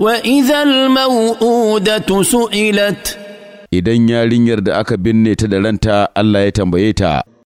Wa izal ma'u'uda tun su'ilat. Idan yarinyar da aka binne ta da ranta Allah ya tambaye ta.